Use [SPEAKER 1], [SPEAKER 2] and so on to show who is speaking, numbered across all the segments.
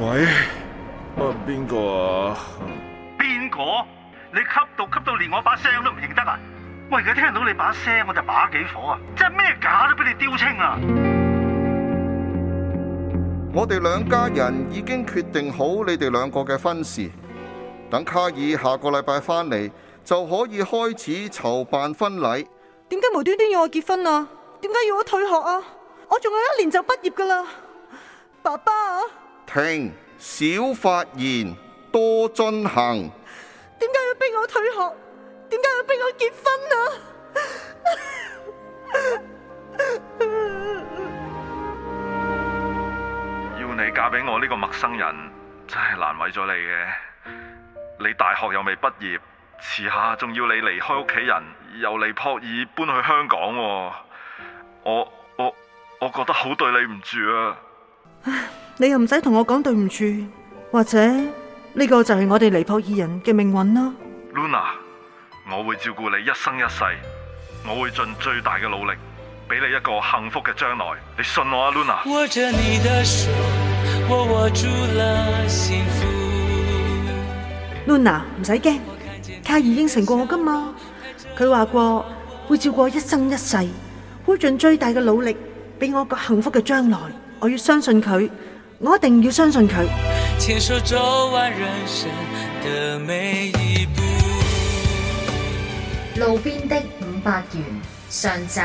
[SPEAKER 1] 喂，邊個啊？
[SPEAKER 2] 邊個，啊？你吸毒吸到連我把聲都唔認得啊！我而家聽到你把聲我就把幾火啊！真係咩假都俾你丟清啊！
[SPEAKER 3] 我哋兩家人已經決定好你哋兩個嘅婚事，等卡爾下個禮拜翻嚟就可以開始籌辦婚禮。
[SPEAKER 4] 點解無端端要我結婚啊？點解要我退學啊？我仲有一年就畢業㗎喇，爸爸啊。
[SPEAKER 3] 停，少發言，多進行。
[SPEAKER 4] 點解要逼我退學？點解要逼我結婚啊？
[SPEAKER 1] 要你嫁俾我呢個陌生人，真係難為咗你嘅。你大學又未畢業，遲下仲要你離開屋企人，又嚟迫爾搬去香港啊。我。我覺得好對你唔住啊！
[SPEAKER 4] 你又唔使同我講對唔住，或者呢個就係我哋尼泊爾人嘅命運啦。
[SPEAKER 1] Luna，我會照顧你一生一世，我會盡最大嘅努力俾你一個幸福嘅將來。你信我啊，Luna！握
[SPEAKER 4] 住你嘅手，我握住咗幸福。Luna 唔使驚，卡爾已經承過我㗎嘛，佢話過會照顧我一生一世，會盡最大嘅努力。俾我個幸福嘅將來，我要相信佢，我一定要相信佢。牽手走完人生嘅每一步。
[SPEAKER 5] 路邊的五百元上集。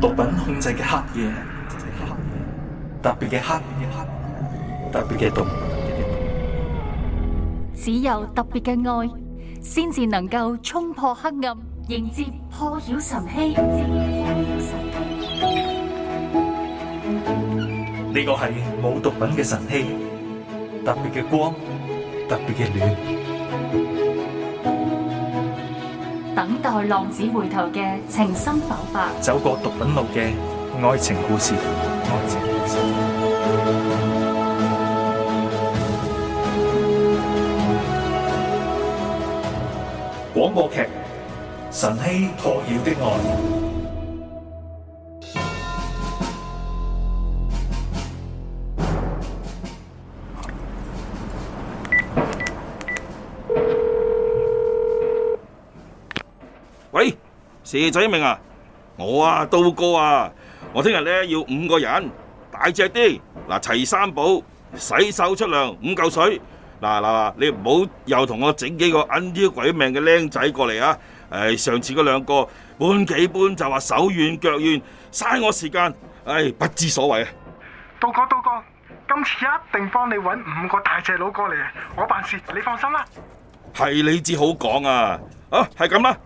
[SPEAKER 2] 毒品控制嘅黑夜，特別嘅黑夜黑暗。黑特別嘅毒，
[SPEAKER 5] 只有特別嘅愛，先至能夠衝破黑暗，迎接破曉晨曦。
[SPEAKER 2] 呢個係冇毒品嘅晨曦，特別嘅光，特別嘅暖，
[SPEAKER 5] 等待浪子回頭嘅情深爆發，
[SPEAKER 2] 走過毒品路嘅愛情故事，愛情。
[SPEAKER 6] 歌劇《神氣托緲的愛》。喂，蛇仔明啊，我啊刀哥啊，我聽日咧要五個人，大隻啲，嗱齊三寶，洗手出糧五嚿水。嗱嗱，你唔好又同我整幾個恩啲鬼命嘅僆仔過嚟啊！誒、呃，上次嗰兩個搬幾搬就話手軟腳軟，嘥我時間，唉、哎，不知所謂啊！
[SPEAKER 2] 道哥，道哥，今次一定幫你搵五個大隻佬過嚟啊！我辦事，你放心啦。
[SPEAKER 6] 係你至好講啊！
[SPEAKER 1] 啊，係咁啦。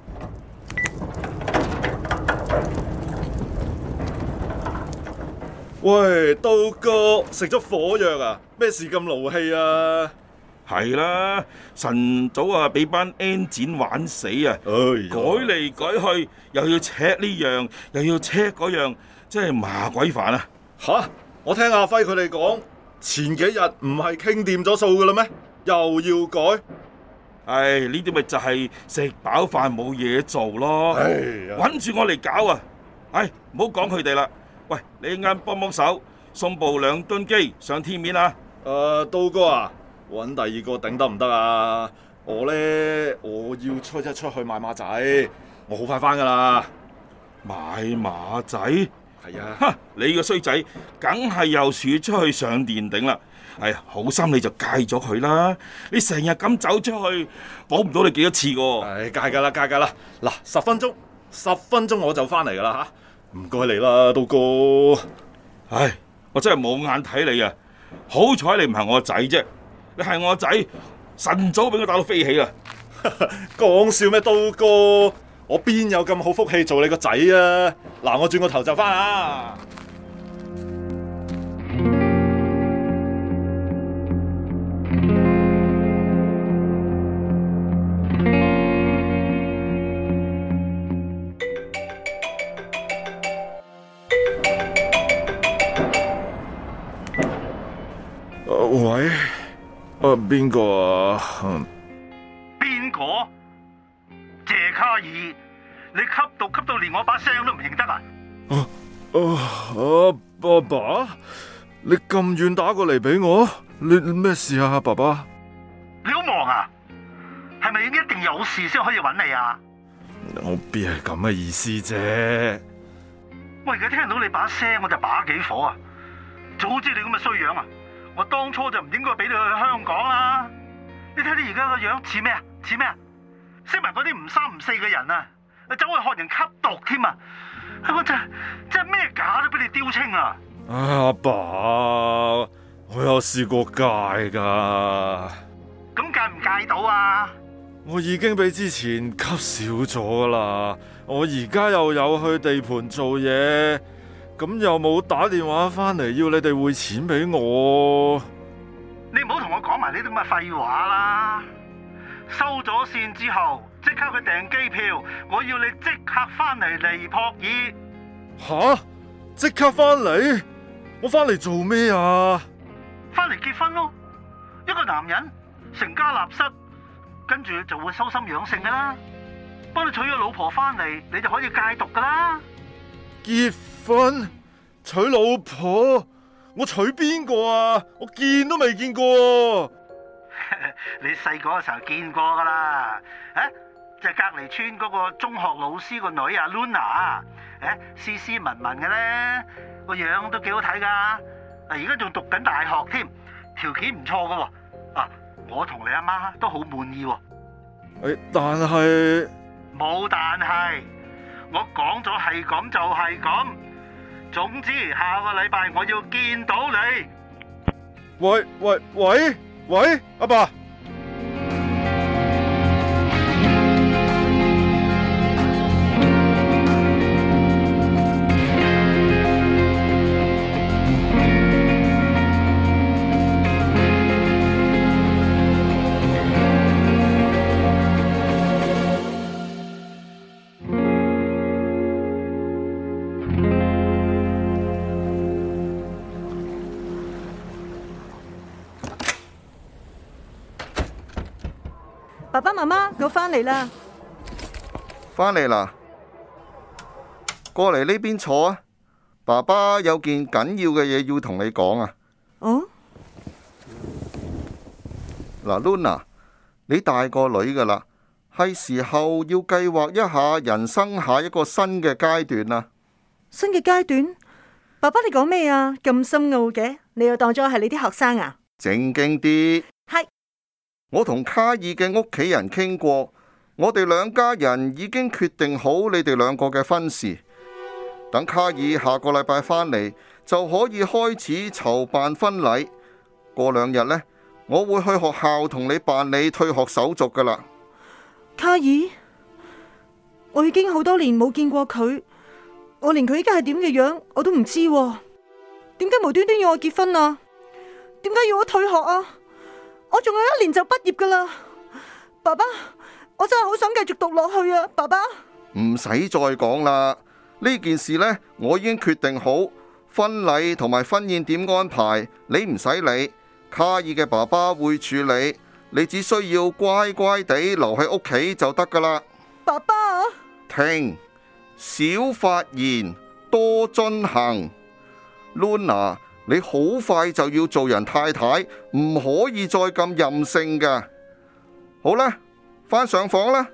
[SPEAKER 1] 喂，道哥，食咗火藥啊？咩事咁勞
[SPEAKER 6] 氣啊？係啦，晨早啊，俾班 engine 玩死啊，唉，改嚟改去，又要拆呢樣，又要拆嗰樣，真係麻鬼煩啊！嚇，我聽阿輝佢哋講，前幾日唔係傾掂咗數㗎啦咩？又要改，唉，呢啲咪就係食飽飯冇嘢做咯，唉，揾住我嚟搞啊！唉，唔好講佢哋啦，喂，你啱幫幫手，送部兩噸機上天面啊！誒，杜
[SPEAKER 1] 哥啊！搵第二個頂得唔得啊！我咧，我要出一出去買馬仔，我好快翻噶啦。買馬仔
[SPEAKER 6] 係啊！哈！你個衰仔，梗係又鼠出去上電頂啦！哎呀，好心你就戒咗佢啦！你成日咁走出去，保唔到你幾多次噶喎！哎，戒噶啦，戒噶啦！嗱，十分鐘，十分鐘我就翻嚟噶啦吓，唔該你啦，都哥。唉，我真係冇眼睇你啊！好彩你唔係我仔啫～你係我
[SPEAKER 1] 仔，晨早俾佢打到飛起啦！講笑咩刀哥？我邊有咁好福氣做你個仔啊？嗱，我轉個頭就返啊！邊個啊？
[SPEAKER 2] 邊個？啊嗯？謝卡爾，你吸毒吸到連我把聲都唔認得啊，
[SPEAKER 1] 啊？爸爸，你咁遠打過嚟俾我，你咩事啊？爸爸，
[SPEAKER 2] 你好忙啊？係咪一定有事先可以揾你啊？
[SPEAKER 1] 我邊係咁嘅意思啫。
[SPEAKER 2] 我而家聽到你把聲我就把幾火啊！早知你咁嘅衰樣啊！我當初就唔應該俾你去香港啦，啊！你睇你而家個樣似咩啊？似咩啊？識埋嗰啲唔三唔四嘅人啊！走去學人吸毒添啊！我真係真係咩假都俾你丟清啊！
[SPEAKER 1] 阿、啊啊、爸，我有試過戒噶，
[SPEAKER 2] 咁、啊、戒唔戒，戒到啊？
[SPEAKER 1] 我已經比之前吸少咗啦，我而家又有去地盤做嘢。咁又冇打電話翻嚟，要你哋匯錢俾我。你
[SPEAKER 2] 唔好同我講埋呢啲咁嘅廢話啦！收咗線之後，即刻去訂機票。我要你即刻翻嚟尼泊爾。吓、
[SPEAKER 1] 啊！即刻翻嚟？我翻嚟做咩啊？
[SPEAKER 2] 翻嚟結婚咯！一個男人成家立室，跟住就會收心養性噶啦。幫你娶咗老婆翻嚟，你就可以戒毒噶啦。
[SPEAKER 1] 結婚娶老婆，我娶邊個啊？我見都未見過。
[SPEAKER 2] 你細個嘅時候見過噶啦？誒、欸，就係，隔籬村嗰個中學老師個女啊，Luna，誒，斯斯文文嘅咧，個樣都幾好睇噶。啊，而家仲讀緊大學添，條件唔錯噶。啊，我同你阿媽都好滿意。誒、
[SPEAKER 1] 欸，但係
[SPEAKER 2] 冇但係。我講咗係咁就係咁，總之下個禮拜我要見到你。
[SPEAKER 1] 喂喂喂喂喂，阿爸。
[SPEAKER 4] 返嚟啦！
[SPEAKER 3] 返嚟啦！過嚟呢邊坐啊！爸爸有件緊要嘅嘢，要同你講啊！哦？嗱，Luna，你大個女噶啦，係時候要計劃一下人生下一個新嘅階段啦。新嘅階段？
[SPEAKER 4] 爸爸你講咩啊？咁深奧嘅，你又當咗係你啲學生啊？
[SPEAKER 3] 正經啲。係。我同卡爾嘅屋企人傾過，我哋兩家人已經決定好你哋兩個嘅婚事，等卡爾下個禮拜返嚟，就可以開始籌辦婚禮。過兩日呢，我會去學校同你辦理退學手續噶啦。
[SPEAKER 4] 卡爾，我已經好多年冇見過佢，我連佢依家係點嘅樣我都唔知喎。點解無端端要我結婚啊？點解要我退學啊？我仲有一年就畢業噶啦，爸爸，我真係好想繼續讀落去啊！爸爸，
[SPEAKER 3] 唔使再講啦，呢件事呢，我已經決定好婚禮同埋婚宴點安排，你唔使理，卡爾嘅爸爸會處理，你只需要乖乖地留喺屋企就得噶啦。爸爸，停，少發言，多遵行，露娜。你好快就要做人太太，唔可以再咁任性噶。好啦，翻上房啦。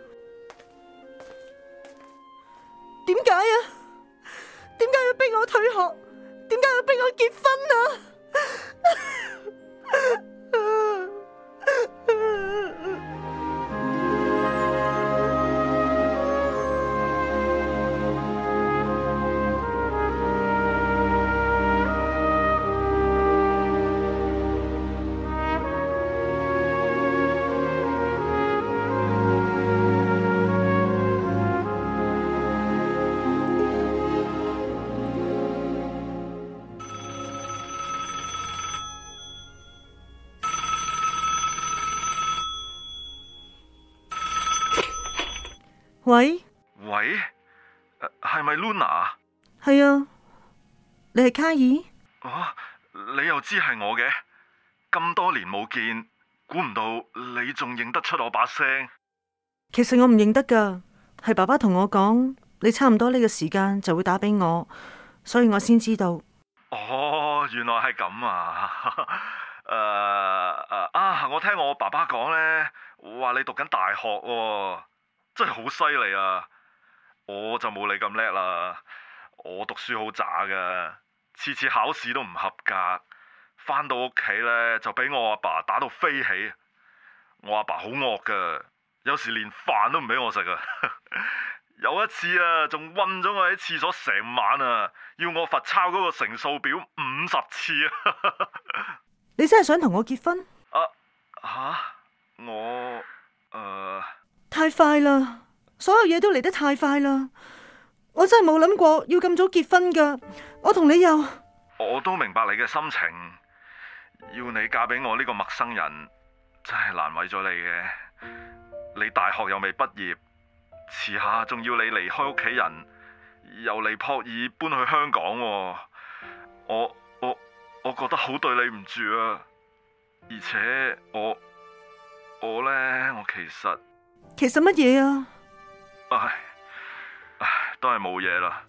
[SPEAKER 4] 點解啊？點解要逼我退學？點解要逼我結婚啊？ 喂
[SPEAKER 1] 喂，係咪 Luna？
[SPEAKER 4] 係啊，你係卡爾？
[SPEAKER 1] 哦，你又知係我嘅？咁多年冇見，估唔到你仲認得出我把聲。
[SPEAKER 4] 其實我唔認得噶，係爸爸同我講，你差唔多呢個時間就會打俾我，所以我先知道。
[SPEAKER 1] 哦，原來係咁啊！誒 誒、uh, uh, 啊，我聽我爸爸講咧，話你讀緊大學喎、哦。真係好犀利啊！我就冇你咁叻啦。我讀書好渣噶，次次考試都唔合格。翻到屋企呢，就俾我阿爸打到飛起。我阿爸好惡噶，有時連飯都唔俾我食啊！ 有一次啊，仲暈咗我喺廁所成晚啊，要我罰抄嗰個乘數表五十次
[SPEAKER 4] 啊！ 你真係想同我結婚？
[SPEAKER 1] 啊吓、啊、我誒！呃
[SPEAKER 4] 太快啦，所有嘢都嚟得太快啦！我真係冇諗過要咁早結婚噶，我同你又，
[SPEAKER 1] 我都明白你嘅心情。要你嫁俾我呢個陌生人，真係難為咗你嘅。你大學又未畢業，遲下仲要你離開屋企人，又嚟珀爾搬去香港。我我我覺得好對你唔住啊！而且我我呢，我其實。
[SPEAKER 4] 其實乜嘢啊？
[SPEAKER 1] 唉，都係冇嘢啦。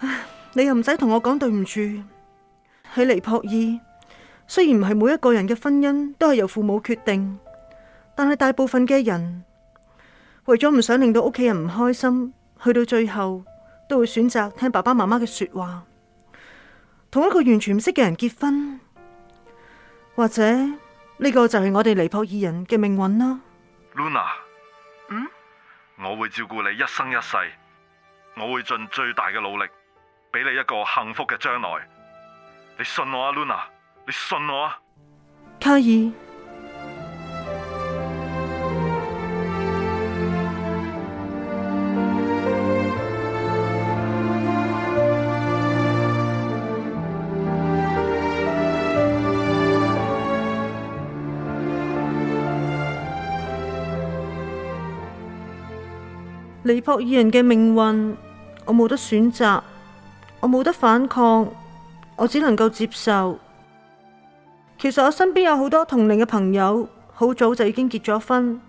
[SPEAKER 4] 唉，你又唔使同我講對唔住。喺尼泊爾，雖然唔係每一個人嘅婚姻都係由父母決定，但係大部分嘅人為咗唔想令到屋企人唔開心，去到最後都會選擇聽爸爸媽媽嘅說話，同一個完全唔識嘅人結婚，或者呢個就係我哋尼泊爾人嘅命運啦，Luna。嗯，
[SPEAKER 1] 我會照顧你一生一世，我會盡最大嘅努力，俾你一個幸福嘅將來。你信我啊，Luna，你信我啊，
[SPEAKER 4] 卡爾。尼泊爾人嘅命運，我冇得選擇，我冇得反抗，我只能夠接受。其實我身邊有好多同齡嘅朋友，好早就已經結咗婚，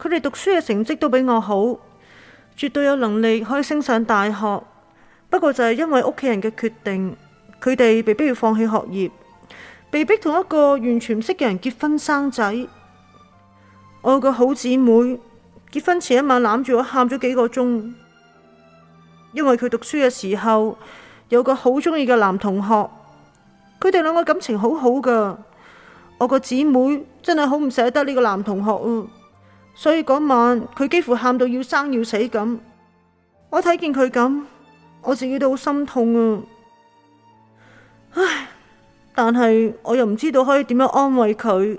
[SPEAKER 4] 佢哋讀書嘅成績都比我好，絕對有能力可以升上大學。不過就係因為屋企人嘅決定，佢哋被逼要放棄學業，被逼同一個完全唔識嘅人結婚生仔。我有個好姊妹。結婚前一晚攬住我喊咗幾個鐘，因為佢讀書嘅時候有個好中意嘅男同學，佢哋兩個感情好好㗎。我個姊妹真係好唔捨得呢個男同學啊，所以嗰晚佢幾乎喊到要生要死咁。我睇見佢咁，我自己都好心痛啊。唉，但係我又唔知道可以點樣安慰佢。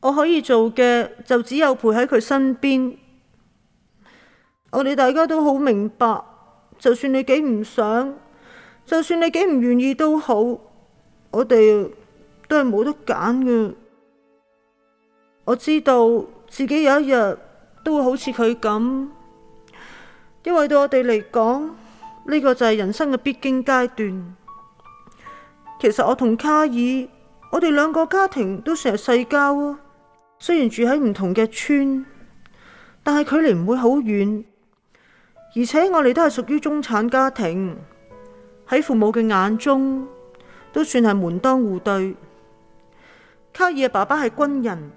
[SPEAKER 4] 我可以做嘅就只有陪喺佢身邊。我哋大家都好明白，就算你幾唔想，就算你幾唔願意都好，我哋都係冇得揀嘅。我知道自己有一日都會好似佢咁，因為對我哋嚟講，呢個就係人生嘅必經階段。其實我同卡爾，我哋兩個家庭都成日世交啊。雖然住喺唔同嘅村，但係距離唔會好遠，而且我哋都係屬於中產家庭，喺父母嘅眼中都算係門當戶對。卡爾嘅爸爸係軍人，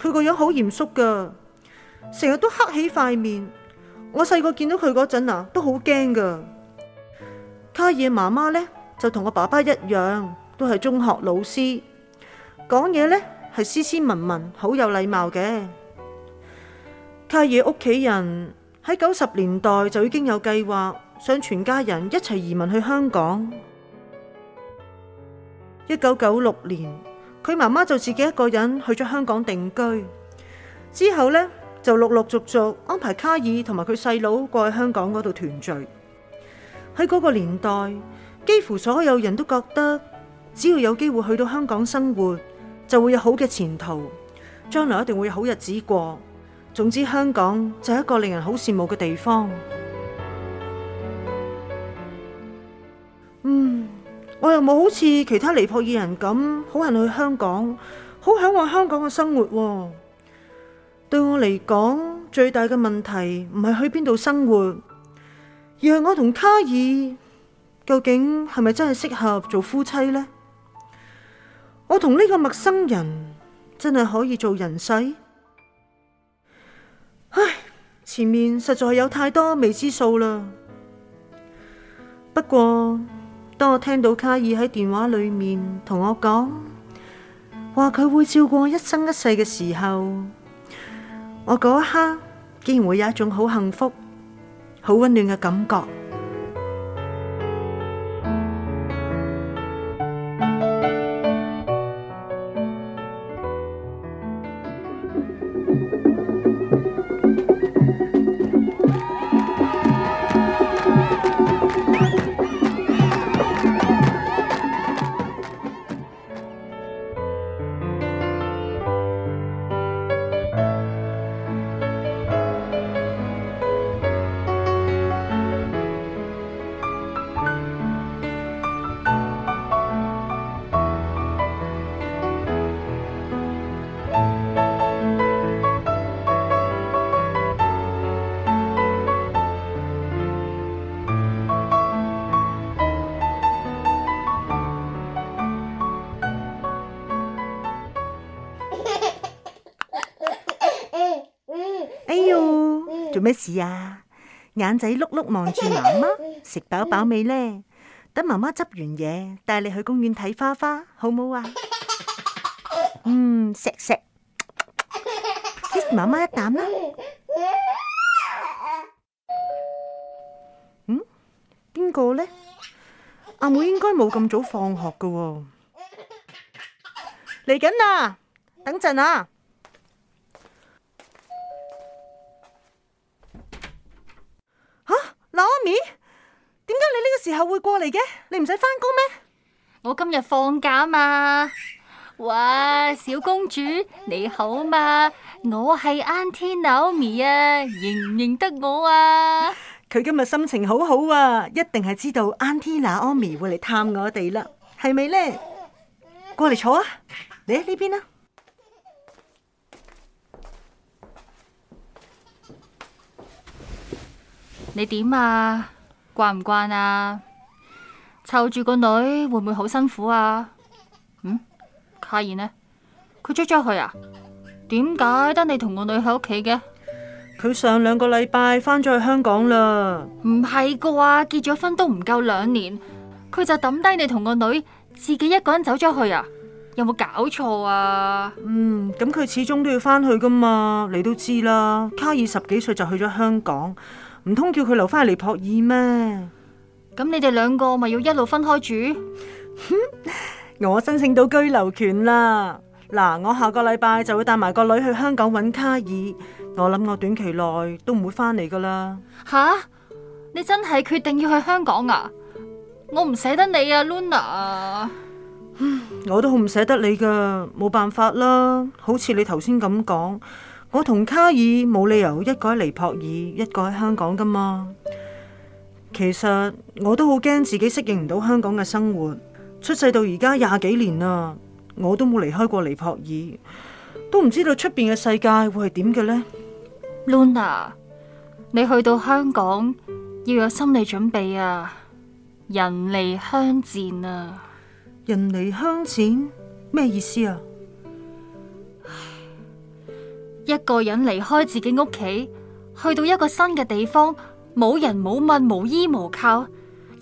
[SPEAKER 4] 佢個樣好嚴肅噶，成日都黑起塊面。我細個見到佢嗰陣啊，都好驚噶。卡爾嘅媽媽呢就同我爸爸一樣，都係中學老師，講嘢呢，係斯斯文文，好有禮貌嘅。卡爾屋企人喺九十年代就已經有計劃，想全家人一齊移民去香港。一九九六年，佢媽媽就自己一個人去咗香港定居，之後咧，就陸陸續續安排卡爾同埋佢細佬過去香港嗰度團聚。喺嗰個年代，幾乎所有人都覺得，只要有機會去到香港生活，就會有好嘅前途，將來一定會有好日子過。總之，香港就係一個令人好羨慕嘅地方。嗯，我又冇好似其他尼泊爾人咁，好恨去香港，好向往香港嘅生活。對我嚟講，最大嘅問題唔係去邊度生活，而係我同卡爾究竟係咪真係適合做夫妻呢？我同呢個陌生人真係可以做人世？唉，前面實在有太多未知數啦。不過，當我聽到卡爾喺電話裏面同我講，話佢會照顧我一生一世嘅時候，我嗰一刻竟然會有一種好幸福、好溫暖嘅感覺。做咩事啊？眼仔碌碌望住媽媽，食飽飽未呢？等媽媽執完嘢，帶你去公園睇花花，好唔好啊？嗯，錫錫，錫媽媽一啖啦。嗯？邊個呢？阿妹應該冇咁早放學噶喎，嚟緊啦，等陣啊！
[SPEAKER 5] 咦？點解你呢個時候會過嚟嘅？你唔使翻工咩我今日放假嘛。哇，小公主你好嘛？我係 Auntie Naomi 啊，認唔認得我啊？
[SPEAKER 4] 佢今日心情好好啊，一定係知道 Auntie Naomi 會嚟探我哋啦，係咪咧？過嚟坐啊，你喺呢邊啊？
[SPEAKER 5] 你點啊？慣唔慣啊？湊住個女會唔會好辛苦啊？嗯，卡爾呢？佢出咗去啊？點解得你同個女喺屋企嘅？佢上兩個禮拜翻咗去香港啦。唔係啩，結咗婚都唔夠兩年，佢就抌低你同個女，自己一個人走咗去啊？有冇搞錯啊？
[SPEAKER 4] 嗯，咁佢始終都要翻去噶嘛，你都知啦，卡爾十幾歲就去咗香港。唔通叫佢留翻嚟撲爾咩？咁你哋兩個咪要一路分開住？哼，我申請到居留權啦！嗱，我下個禮拜就會帶埋個女去香港揾卡爾。我諗我短期內都唔會返嚟
[SPEAKER 5] 噶啦。吓，你真係決定要去香港啊？我唔捨得你啊，Luna。
[SPEAKER 4] 我都好唔捨得你噶，冇辦法啦。好似你頭先咁講。我同卡爾冇理由一個喺尼泊爾，一個喺香港噶嘛？其實我都好驚自己適應唔到香港嘅生活。出世到而家廿幾年啦，我都冇離開過尼泊爾，
[SPEAKER 5] 都唔知道出邊嘅世界會係點嘅呢。Luna，你去到香港要有心理準備啊！人離鄉賤啊！人離鄉賤，咩意思啊？一個人離開自己屋企，去到一個新嘅地方，冇人冇物，冇依冇靠，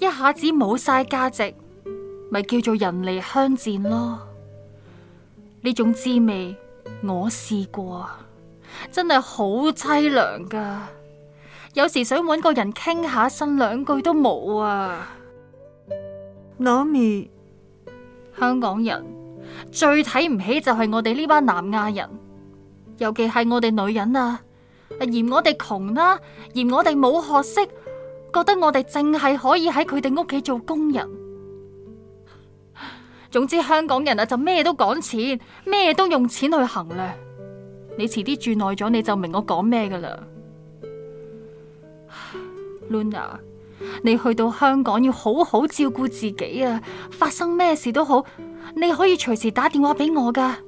[SPEAKER 5] 一下子冇晒價值，咪叫做人離鄉賤咯。呢種滋味我試過，真係好淒涼噶。有時想搵個人傾下，呻兩句都冇啊。Nomi，香港人最睇唔起就係我哋呢班南亞人。尤其係我哋女人啊，嫌我哋窮啦，嫌我哋冇學識，覺得我哋淨係可以喺佢哋屋企做工人。總之香港人啊，就咩都講錢，咩都用錢去衡量。你遲啲住耐咗，你就明我講咩㗎喇。Luna，你去到香港要好好照顧自己啊，發生咩事都好，你可以隨時打電話俾我㗎。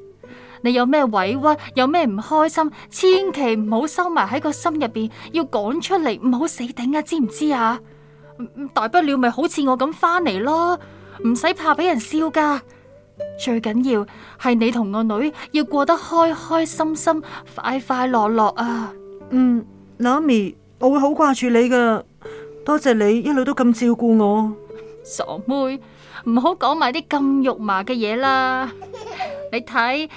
[SPEAKER 5] 你有咩委屈，有咩唔開心，千祈唔好收埋喺個心入邊，要講出嚟，唔好死頂啊！知唔知啊？大不了咪好似我咁翻嚟咯，唔使怕俾人笑噶。最緊要係你同個女要過得開開心心、快快樂樂啊！嗯，媽咪，我會好掛住你噶，多
[SPEAKER 4] 謝你一路都咁照顧我。
[SPEAKER 5] 傻妹，唔好講埋啲咁肉麻嘅嘢啦，你睇。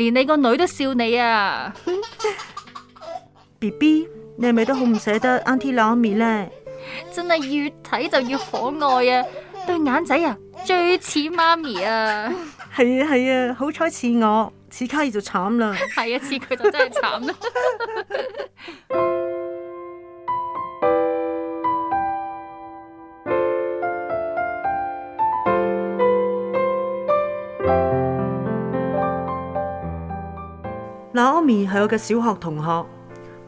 [SPEAKER 5] 連你個女都笑你啊
[SPEAKER 4] ！B B， 你係咪都好唔捨
[SPEAKER 5] 得 Auntie Lammy 咧？真係越睇就越可愛啊！對 眼仔啊，最似媽咪啊！係啊，係啊，好彩似我，似卡爾
[SPEAKER 4] 就慘啦。係啊，似佢就真係慘啦。 Naomi 係我嘅小學同學，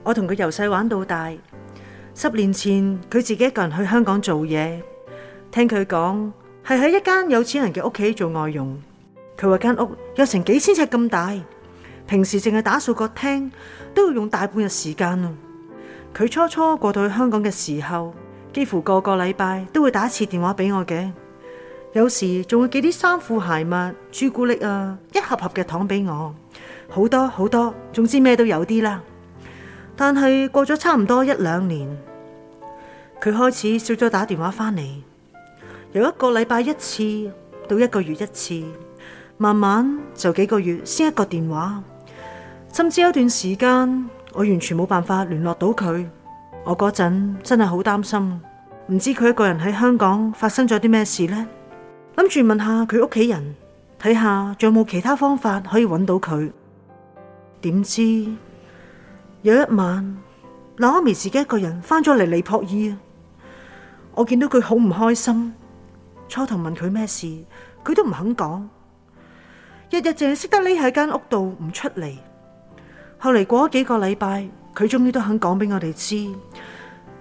[SPEAKER 4] 我同佢由細玩到大。十年前佢自己一個人去香港做嘢，聽佢講係喺一間有錢人嘅屋企做外傭。佢話間屋有成幾千尺咁大，平時淨係打掃個廳都要用大半日時間啦。佢初初過到去香港嘅時候，幾乎個個禮拜都會打一次電話俾我嘅，有時仲會寄啲衫褲鞋襪、朱古力啊，一盒盒嘅糖俾我。好多好多，總之咩都有啲啦。但係過咗差唔多一兩年，佢開始少咗打電話翻嚟，由一個禮拜一次到一個月一次，慢慢就幾個月先一個電話。甚至有段時間我完全冇辦法聯絡到佢。我嗰陣真係好擔心，唔知佢一個人喺香港發生咗啲咩事呢？諗住問下佢屋企人，睇下仲有冇其他方法可以揾到佢。點知有一晚，劉阿梅自己一個人翻咗嚟尼泊爾，我見到佢好唔開心。初頭問佢咩事，佢都唔肯講。日日淨係識得匿喺間屋度唔出嚟。後嚟過咗幾個禮拜，佢終於都肯講俾我哋知，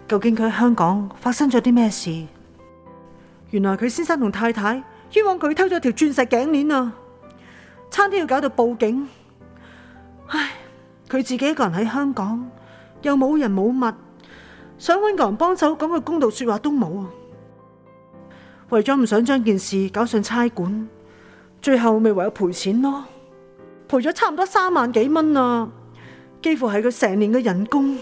[SPEAKER 4] 究竟佢喺香港發生咗啲咩事。原來佢先生同太太冤枉佢偷咗條鑽石頸鏈啊，餐廳要搞到報警。唉，佢自己一個人喺香港，又冇人冇物，想搵個人幫手，講句公道說話都冇啊！為咗唔想將件事搞上差館，最後咪唯有賠錢咯，賠咗差唔多三萬幾蚊啊，幾乎係佢成年嘅人工。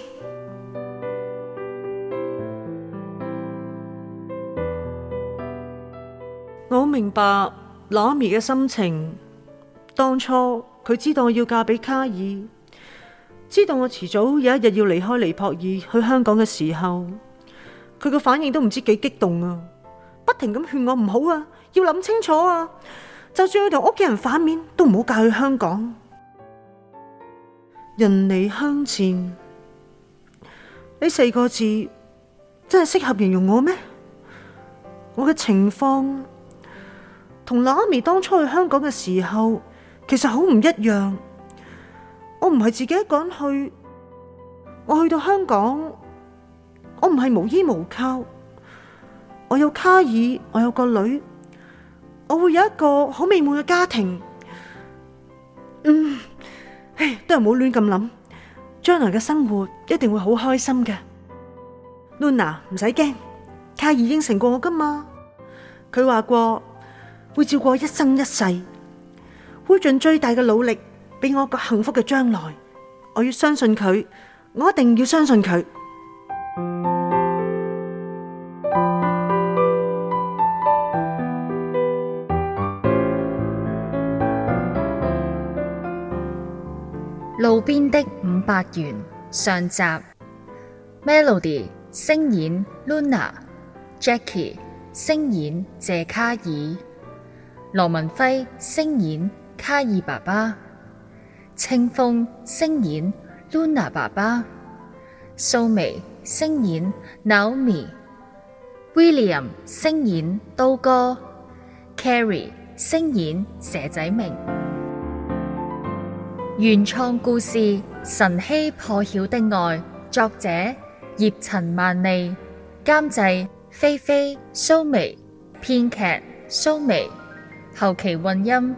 [SPEAKER 4] 我好明白羅咪嘅心情，當初。佢知道我要嫁俾卡爾，知道我遲早有一日要離開尼泊爾去香港嘅時候，佢個反應都唔知幾激動啊！不停咁勸我唔好啊，要諗清楚啊，就算佢同屋企人反面，都唔好嫁去香港。人離鄉賤呢四個字真係適合形容我咩？我嘅情況同拉咪當初去香港嘅時候。其實好唔一樣，我唔係自己一個人去，我去到香港，我唔係無依無靠，我有卡爾，我有個女，我會有一個好美滿嘅家庭。嗯，唉，都係唔好亂咁諗，將來嘅生活一定會好開心嘅。露娜，唔使驚，卡爾應承過我噶嘛，佢話過，會照顧我一生一世。會盡最大嘅努力俾我個幸福嘅將來。我要相信佢，我一定要相信佢。
[SPEAKER 5] 路邊的五百元上集，Melody 聲演 Luna，Jackie 聲演謝卡爾，羅文輝聲演。卡爾爸爸，清風聲演；Luna 爸爸，蘇眉聲演；Naomi，William 聲演；刀哥，Carrie 聲演蛇仔明。原創故事《晨曦破曉的愛》，作者葉陳萬利，監製菲菲，蘇眉，編劇蘇眉，後期混音。